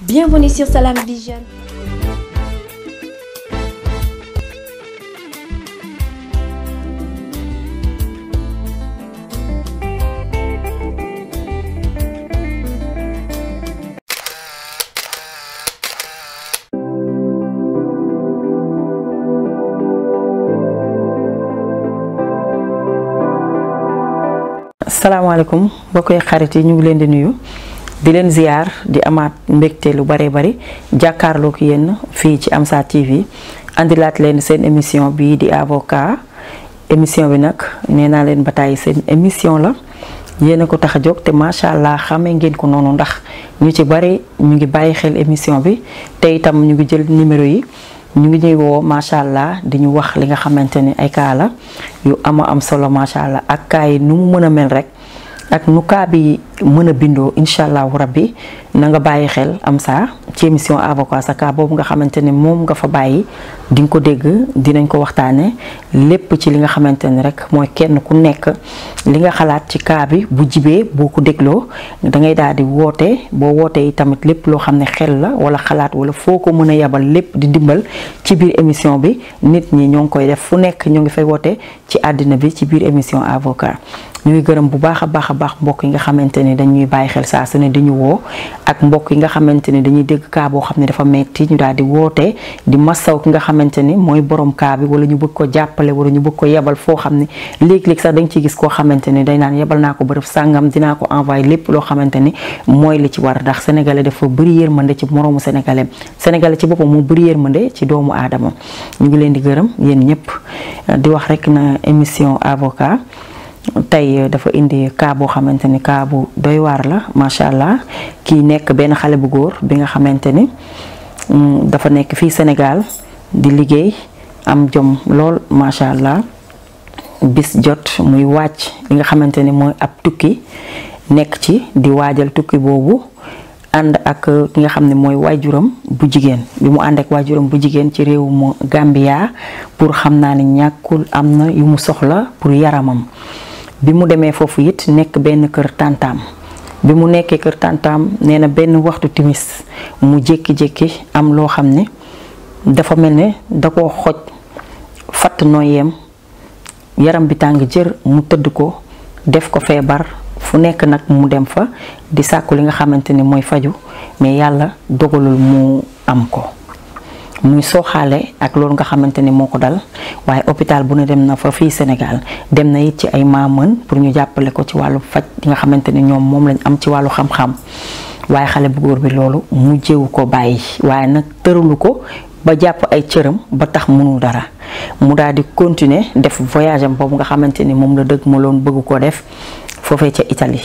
Bienvenue sur Salam Vision. salaamaaleykum xarit yi ñu ngi leen di nuyu di leen ziar di amaat mbégte lu bare bari jàkkaarloog yenn fii ci am Amsa TV andilaat leen seen émission bii di avocat émission bi nag nee naa leen ba tàyyi seen émission la yéen ko tax a jóg te macha allah xamee ngeen ko noonu ndax ñu ci bari ñu ngi bàyyi xel émission bi te itam ñu ngi jël numéro yi ñu ngi ñuy woo macha allah di ñu wax li nga xamante ni ay kaa la yu ama am solo macha allah ak kaa yi nu mu mën a mel rek. ak nu kaa bi mën a bindoo incha allahu rabbi na nga bàyyi xel am saa ci émission avocat sa kaa boobu nga xamante ne moom nga fa bàyyi di nga ko dégg dinañ ko waxtaane lépp ci li nga xamante ne rek mooy kenn ku nekk li nga xalaat ci kaa bi bu jibee boo ko dégloo da ngay daal di woote boo wootee tamit lépp loo xam ne xel la wala xalaat wala foo ko mën a yabal lépp di dimbal ci biir émission bi nit ñi ñoo ngi koy def fu nekk ñoo ngi fay woote ci àddina bi ci biir émission avocat ñuy gërëm bu baax a baax a baax mbokk yi nga xamante ne dañuy bàyyi xel saa su di ñu woo ak mbokk yi nga xamante ne dañuy dégg kaa boo xam ne dafa metti ñu daal di woote di masaw ki nga xamante ni mooy borom kaa bi wala ñu bëgg ko jàppale wala ñu bëgg ko yebal foo xam ne léegi léeg sax dañ ciy gis koo xamante ne day naan yebal naa ko bërëb sàngam dina ko envoyé lépp loo xamante ni mooy li ci war ndax sénégalais dafa bëri yërmande ci moroomu sénégalais sénégalais ci boppam mu ma yërmande ci doomu aadama ñu ngi leen di gërëm yéen ñëpp di wax rek na émission avocat tey dafa indi cas boo xamante ni cas bu doy waar la macha allah kii nekk benn xale bu góor bi nga xamante ni mm, dafa nekk fii Sénégal di liggéey am jom lool macha allah bis jot muy wàcc li nga xamante ni mooy ab tukki nekk ci di waajal tukki boobu ànd ak ki nga xam ne mooy waajuram bu jigéen bi mu ànd ak waajuram bu jigéen ci réew mu Gambia pour xam naa ne ñàkkul am na yu mu soxla pour yaramam. bi mu demee foofu it nekk benn kër tàntam bi mu nekkee kër tàntam nee na benn waxtu timis mu jékki-jékki am loo xam ne dafa mel ne da koo xoj fatt yem yaram bi tàng jër mu tëdd ko def ko feebar fu nekk nag mu dem fa di sàkku li nga xamante ni mooy faju mais yàlla dogalul mu am ko muy sooxaale ak loolu nga xamante ni moo ko dal waaye hôpital bu ne dem na fa fii Sénégal dem na it ci ay maaman pour ñu jàppale ko ci wàllu faj yi nga xamante ni ñoom moom lañ am ci wàllu xam waaye xale bu góor bi loolu mu jéewu ko bàyyi waaye nag tëralu ko ba jàpp ay cëram ba tax mënul dara mu daal di continuer def voyage am nga xamante ni moom la dëgg ma loon bëgg ko def foofee ca itali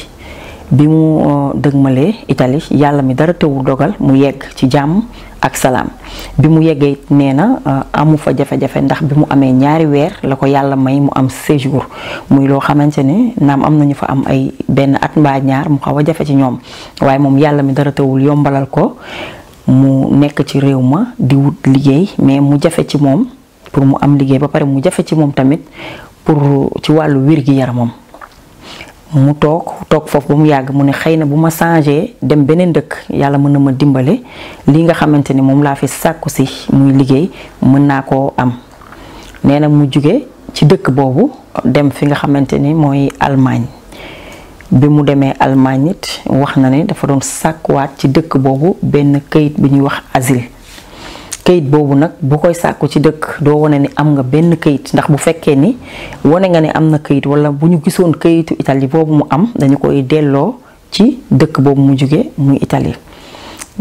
bi mu euh, dëgmalee itali yàlla mi dara tëwul dogal mu yegg ci jàmm ak salaam bi mu yeggee nee na euh, amu fa jafe-jafe ndax bi mu amee ñaari weer la ko yàlla may mu am séjour muy loo xamante ne naam am nañu fa am ay benn at mbaa ñaar mu xaw a jafe ci ñoom waaye moom yàlla mi dara tawul yombalal ko mu nekk ci réew ma di wut liggéey mais mu jafe ci moom pour mu am liggéey ba pare mu jafe ci moom tamit pour ci wàllu wirgi gi yaramam mu toog toog foofu ba mu yàgg mu ne xëy na bu ma changé dem beneen dëkk yàlla mën na ma dimbale lii nga xamante ni moom laa fi sàkku si muy liggéey mën naa koo am nee na mu jóge ci dëkk boobu dem fi nga xamante ni mooy Allemagne bi mu demee Allemagne it wax na ne dafa doon sàkkuwaat ci dëkk boobu benn kayit bi ñuy wax asile kayit boobu nag bu koy sàkku ci dëkk doo wane ni am nga benn kayit ndax bu fekkee ni wane nga ne am na kayit wala bu ñu gisoon kayitu itali boobu mu am dañu koy delloo ci dëkk boobu mu jóge muy itali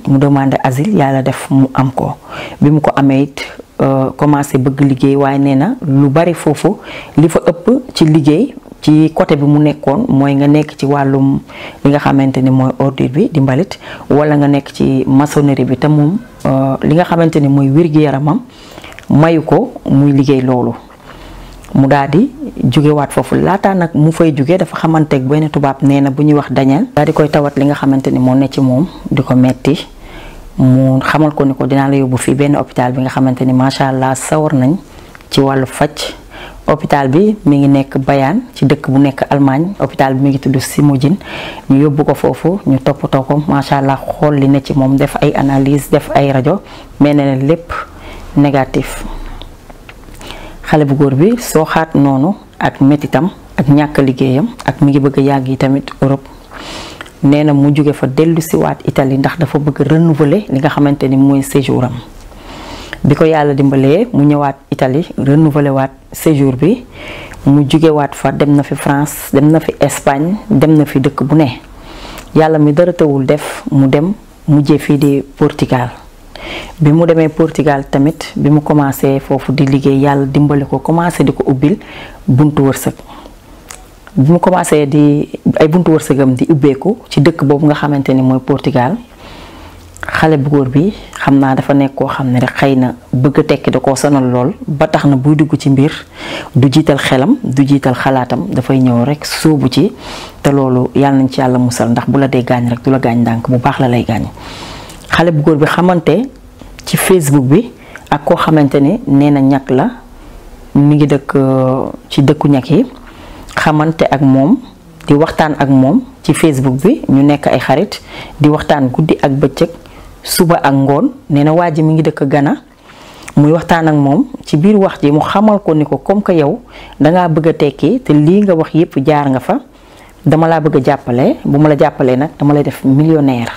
mu demandé asile yàlla def mu am ko bi mu ko amee it euh, commencé bëgg liggéey waaye nee na lu bari foofu li fa ëpp ci liggéey ci côté bi mu nekkoon mooy nga nekk ci wàllum li nga xamante ni mooy ordure bi di mbalit wala nga nekk ci maçonnerie bi te moom Euh, li nga xamante ni mooy wér-gu-yaramam mayu ko muy liggéey loolu mu daal di jógewaat foofu laataa nag mu fay jóge dafa xamante xamanteeg benn tubaab nee na bu ñuy wax dañal daal di koy tawat li nga xamante ni moom ne ci moom di ko metti mu xamal ko ni ko dinaa la yóbbu fii benn hôpital bi nga xamante ni macha allah sawar nañ ci wàllu faj hôpital bi mi ngi nekk Bayaan ci dëkk bu nekk Allemagne hôpital bi mi ngi tudd Simujin ñu yóbbu ko foofu ñu toppatoo ko macha allah xool li ne ci moom def ay analyse def ay rajo mais ne lépp négatif. xale bu góor bi soo xaat noonu ak métitam ak ñàkk liggéeyam ak mu ngi bëgg a yàgg yi tamit Europe. nee na mu jóge fa dellu siwaat Italie ndax dafa bëgg renouveler li nga xamante ni mooy séjour bi ko yàlla dimbalee mu ñëwaat itali renouvelé waat séjour bi mu jugewaat fa dem na fi France dem na fi Espagne dem na fi dëkk bu ne yàlla mi dara tawul def mu dem mujjee fii di Portugal bi mu demee Portugal tamit bi mu commencé foofu di liggéey yàlla dimbali ko commencé di ko ubbil buntu wërsëg bi mu commencé di ay buntu wërsëgam di ubbeeku ci dëkk boobu nga xamante ni mooy portigal xale bu góor bi xam naa dafa nekk koo xam ne rek xëy na bëgg a tekki da koo sonal lool ba tax na buy dugg ci mbir du jiital xelam du jiital xalaatam dafay ñëw rek soobu ci te loolu yàlla nañ ci yàlla musal ndax bu la dee gaañ rek du la ndànk bu baax la lay gaañ bu góor bi xamante ci Facebook bi ak koo xamante ne nee na ñàkk la mi ngi dëkk euh, ci dëkku ñàkk yi xamante ak moom di waxtaan ak moom ci Facebook bi ñu nekk ay xarit di waxtaan guddi ak bëccëg. suba ak ngoon nee na waa ji mi ngi dëkk Gana muy waxtaan ak moom ci biir wax ji mu xamal ko ni ko comme que yow dangaa bëgg a tekki te lii nga wax yépp jaar nga fa dama laa bëgg a jàppale bu ma la jàppalee nag dama lay def millionnaire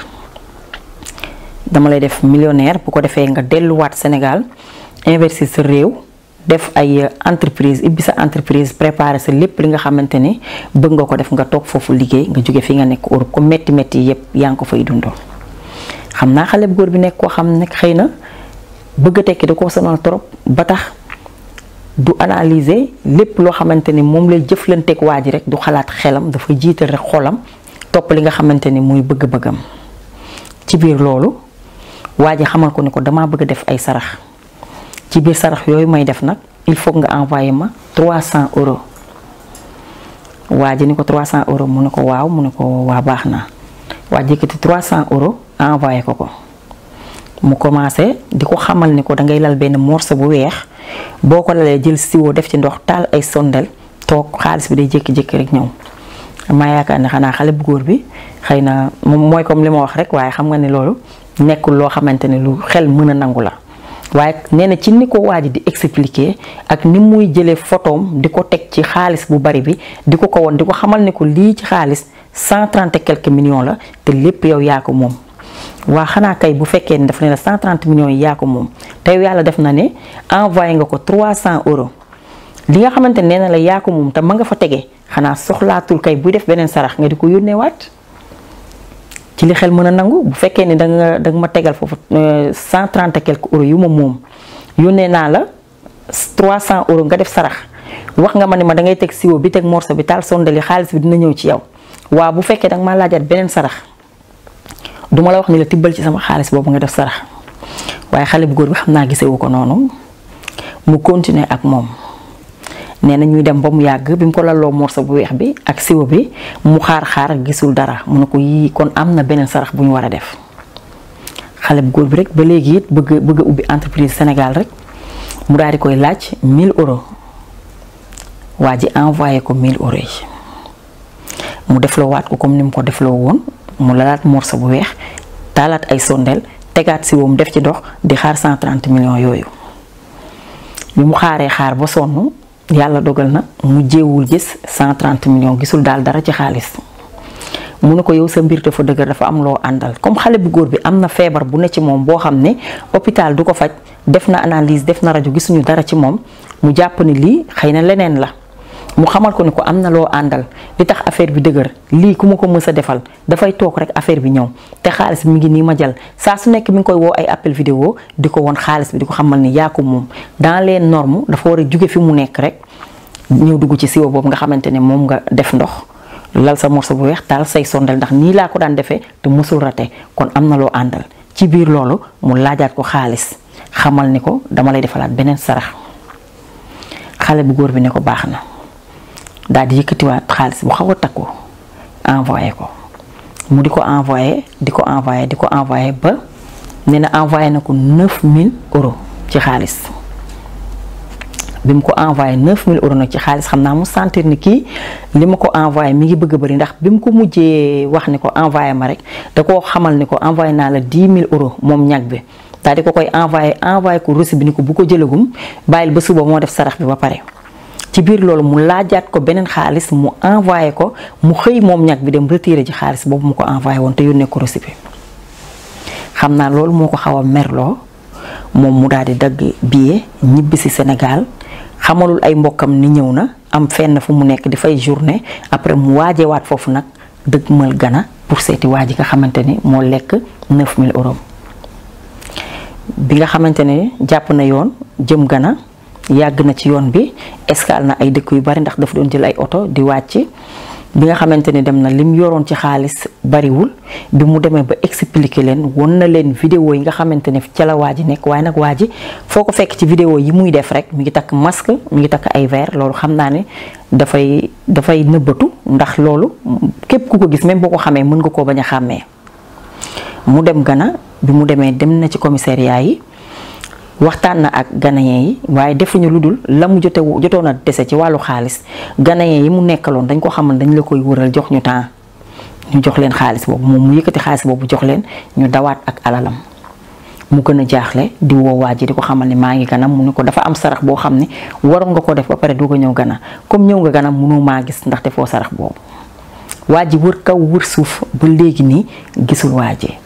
dama lay def millionaire bu ko defee nga delluwaat Sénégal investir sa réew def ay entreprise ibbi sa entreprise préparer sa lépp li nga xamante ne bëgg nga ko def nga toog foofu liggéey nga jóge fi nga nekk Europe ko métti métti yépp yaa ngi ko fay dundoo xam naa xale bu góor bi nekk koo xam ne xëy na bëgg a tekki da koo sonal trop ba tax du analyser lépp loo xamante ni moom lay jëflanteeg waa ji rek du xalaat xelam dafay jiital rek xoolam topp li nga xamante ni muy bëgg-bëggam ci biir loolu waa ji xamal ko ni ko damaa bëgg a def ay sarax ci biir sarax yooyu may def nag il faut nga envoyé ma 300 euros waa ji ni ko 300 euros mu ne ko waaw mu ne ko waa baax na waa ji yëkkati 300 euros. envoyé ko ko mu commencé di ko xamal ni ko da ngay lal benn morceau bu weex boo ko lalee jël siwo def ci ndox taal ay sondel toog xaalis bi day jékki-jékki rek ñëw ma yaakaar ne xanaa xale bu góor bi xëy na moom mooy comme li ma wax rek waaye xam nga ne loolu nekkul loo xamante ne lu xel mën a nangu la. waaye nee na ci ni ko waaj di expliquer ak ni muy jëlee photoom di ko teg ci xaalis bu bari bi di ko ko woon di ko xamal ne ko lii ci xaalis cent trente et quelques la te lépp yow yaa ko moom. waa xanaa kay bu fekkee ne dafa ne la 130 millions yi yaa ko moom te yàlla def na ne envoyé nga ko 300 euros li nga xamante ne nee na la yaa ko moom te ma nga fa tege xanaa soxlaatul kay buy def beneen sarax nga di ko yónnee waat ci li xel mën a nangu bu fekkee ne da nga ma tegal foofu 130 euh, quelques euros yu ma moom yónnee naa la 300 euro nga def sarax wax nga ma ne ma da ngay teg siwo bi teg morso bi taal sondali xaalis bi dina ñëw ci yow waa bu fekkee da nga maa laajaat beneen sarax. du ma la wax ni la tibbal ci sama xaalis boobu nga def sarax waaye xale bu góor bi xam naa gisewu ko noonu mu continuer ak moom nee na ñuy dem ba mu yàgg bi mu ko lalloo morso bu weex bi ak siwo bi mu xaar-xaar gisul dara mu ne ko yii kon am na beneen sarax bu ñu war a def xale bu góor bi rek ba léegi it bëgg bëgg a ubbi entreprise Sénégal rek mu daal di koy laaj mille euro waa ji envoyé ko 1000 euros yi mu defloo waat ko comme ni mu ko defloo woon mu lalaat morso bu weex taalaat ay sondeel tegaat si woom def ci dox di xaar 130 millions yooyu bi mu xaaree xaar ba sonn yàlla dogal na mu jéewul gis 130 millions gisul daal dara ci xaalis mu ne ko yow sa mbir dafa dëgër dafa am loo àndal comme xale bu góor bi am na feebar bu ne ci moom boo xam ne hôpital du ko faj def na analise def na rajo gisuñu dara ci moom mu jàpp ni lii xëy na leneen la mu xamal ko ne ko am na loo àndal li tax affaire bi dëgër lii ku ma ko mës a defal dafay toog rek affaire bi ñëw te xaalis bi mi ngi nii ma jal saa su nekk mi ngi koy woo ay appel vidéo di ko woon xaalis bi di ko xamal ni yaa ko moom dans les normes dafa war a jóge fi mu nekk rek ñëw dugg ci siwo boobu nga xamante ne moom nga def ndox lal sa morso bu weex taal say sondel ndax nii laa ko daan defee te mësul rate kon am na loo àndal ci biir loolu mu laajaat ko xaalis xamal ni ko dama lay defalaat beneen sarax xale bu góor bi ne ko baax na daal di yëkkatiwaat xaalis bu xaw a takku envoyé ko mu di ko envoyé di ko envoyé di ko envoyé ba nee na envoyé na ko 9000 euros ci xaalis bi mu ko envoyé 9000 euros nag ci xaalis xam naa mu sentir ni kii li ma ko envoyé mi ngi bëgg a bëri ndax bi mu ko mujjee wax ni ko envoyé ma rek da koo xamal ni ko envoyé naa la 10000 euros moom ñag bi daal di ko koy envoyé envoyé ko reçu bi ni ko bu ko jëlagum bàyyil ba suba moo def sarax bi ba pare. ci biir loolu mu laajaat ko beneen xaalis mu envoyé ko mu xëy moom ñag bi dem retiré ji xaalis boobu mu ko envoyé woon te yónnee ko récépissé xam naa loolu moo ko xaw a merloo moom mu daal di dagg billet ñibbisi si Sénégal xamalul ay mbokkam ni ñëw na am fenn fu mu nekk di fay journée après mu waajewaat foofu nag dëgg dëgmal Gana pour seeti waa nga xamante ni moo lekk 9000 euros bi nga xamante ne jàpp na yoon jëm Gana yàgg na ci yoon bi escale na ay dëkk yu bari ndax dafa doon jël ay oto di wàcc bi nga xamante ni dem na lim yoroon ci xaalis bariwul bi mu demee ba expliquer leen won na leen vidéo yi nga xamante ne ca la waa ji nekk waaye nag waa ji foo ko fekk ci vidéo yi muy def rek mi ngi takk masque mi ngi takk ay ver loolu xam naa ne dafay dafay nëbbatu ndax loolu képp ku ko gis même boo ko xamee mën nga koo bañ a xàmmee mu dem Gana bi mu demee dem na ci commissariat yi. waxtaan na ak ganayen yi waaye defuñu lu dul la mu jote jotoon a dese ci wàllu xaalis ganayen yi mu nekkaloon dañ ko xamal dañ la koy wëral jox ñu temps ñu jox leen xaalis boobu moom mu yëkkati xaalis boobu jox leen ñu dawaat ak alalam mu gën a jaaxle di woo waa ji di ko xamal ne maa ngi gana mu ne ko dafa am sarax boo xam ne waroon nga ko def ba pare doo ko ñëw gana comme ñëw nga ganam mënoo maa gis ndax defoo sarax boobu waa ji wër kaw wër suuf ba léegi nii gisul waa ji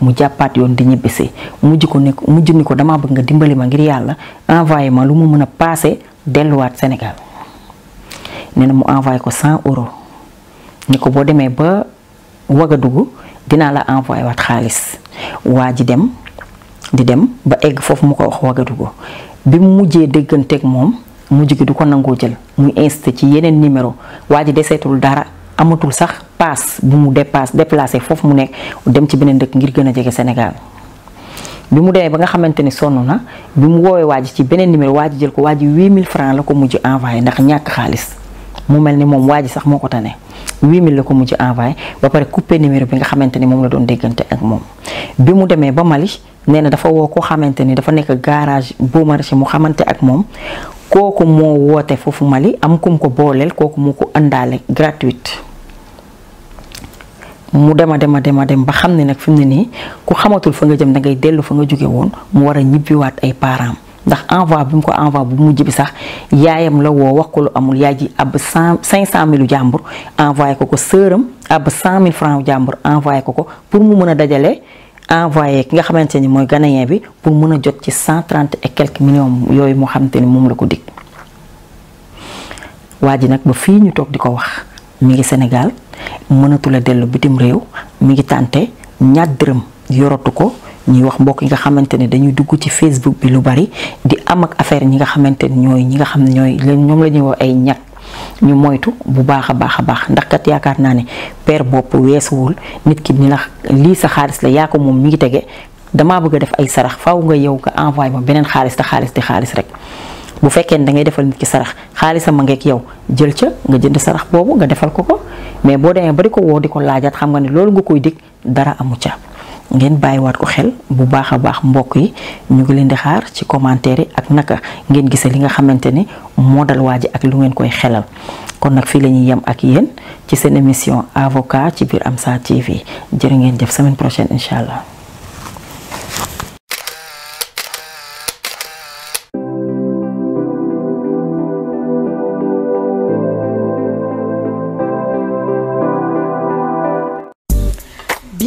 mu jàppaat yoon di ñibbisi mujj ko ne mujj ni ko dama bëgg nga dimbali ma ngir yàlla envoyé ma lu mu mën a paase delluwaat senegal nee na mu envoyé ko 100 euro ni ko boo demee ba Wagadugu dinaa la envoyé waat xaalis waa ji dem di dem ba egg foofu mu ko wax Wagadugu bi mu mujjee dégganteeg moom mujj gi du ko nangoo jël muy insisté ci yeneen numéro waa ji deseetul dara. amatul sax paas bu mu dépasse déplacé foofu mu nekk dem ci beneen dëkk ngir gën a jege Sénégal bi mu demee ba nga xamante ni sonn na bi mu woowee waaj ji ci beneen numéro waaj jël ko waaj ji 8000 francs la ko mujj envoyé ndax ñàkk xaalis mu mel ni moom waa ji sax moo ko tane 8000 la ko mujj envoyé ba pare coupé numéro bi nga xamante ni moom la doon déggante ak moom bi mu demee ba Mali nee na dafa woo koo xamante ni dafa nekk garage boo marché mu xamante ak moom kooku moo woote foofu Mali am kum ko kooku moo ko àndaale gratuite mu dem a dem a dem a dem ba xam ne nag fi mu ne nii ku xamatul fa nga jëm dangay dellu fa nga jóge woon mu war a ñibbiwaat ay parents ndax envoi bi mu ko envoi bu mujj bi sax yaayam la woo wax ko lu amul yaay ji ab cent cinq cent mille jàmbur envoyé ko ko sëram ab cent mille franc jàmbur envoyé ko ko pour mu mën a dajale envoyé ki nga xamante ni mooy ghanéen bi pour mën a jot ci cent trente et quelques millions yooyu moo xamante ni moom la ko dig waa ji nag ba fii ñu toog di ko wax mu ngi Sénégal. mënatu la dellu bitim réew mu ngi tànte ñaar dërëm yoratu ko ñuy wax mbokk yi nga xamante ne dañuy dugg ci Facebook bi lu bari di am ak affaire ñi nga xamante ne ñooy ñi nga xam ne ñooy ñoom la ñuy wax ay ñag ñu moytu bu baax a baax a baax ndax kat yaakaar naa ne per bopp weesuwul nit ki ni la lii sa xaalis la yaa ko moom mi ngi tege damaa bëgg a def ay sarax faw nga yow nga envoyé ma beneen xaalis te xaalis di xaalis rek. bu fekkee ne da ngay defal nit ki sarax xaalisam ma ngeeg yow jël ca nga jënd sarax boobu nga defal ko ko mais boo demee ba di ko woo di ko laajaat xam nga ne loolu nga koy dig dara amu ca ngeen bàyyi waat ko xel bu baax a baax mbokk yi ñu ngi leen di xaar ci commentaire yi ak naka ngeen gisee li nga xamante ne moo dal waa ji ak lu ngeen koy xelal kon nag fii la ñuy yem ak yéen ci seen émission avocat ci biir am Amsa TV jër ngeen jëf semaine prochaine incha allah.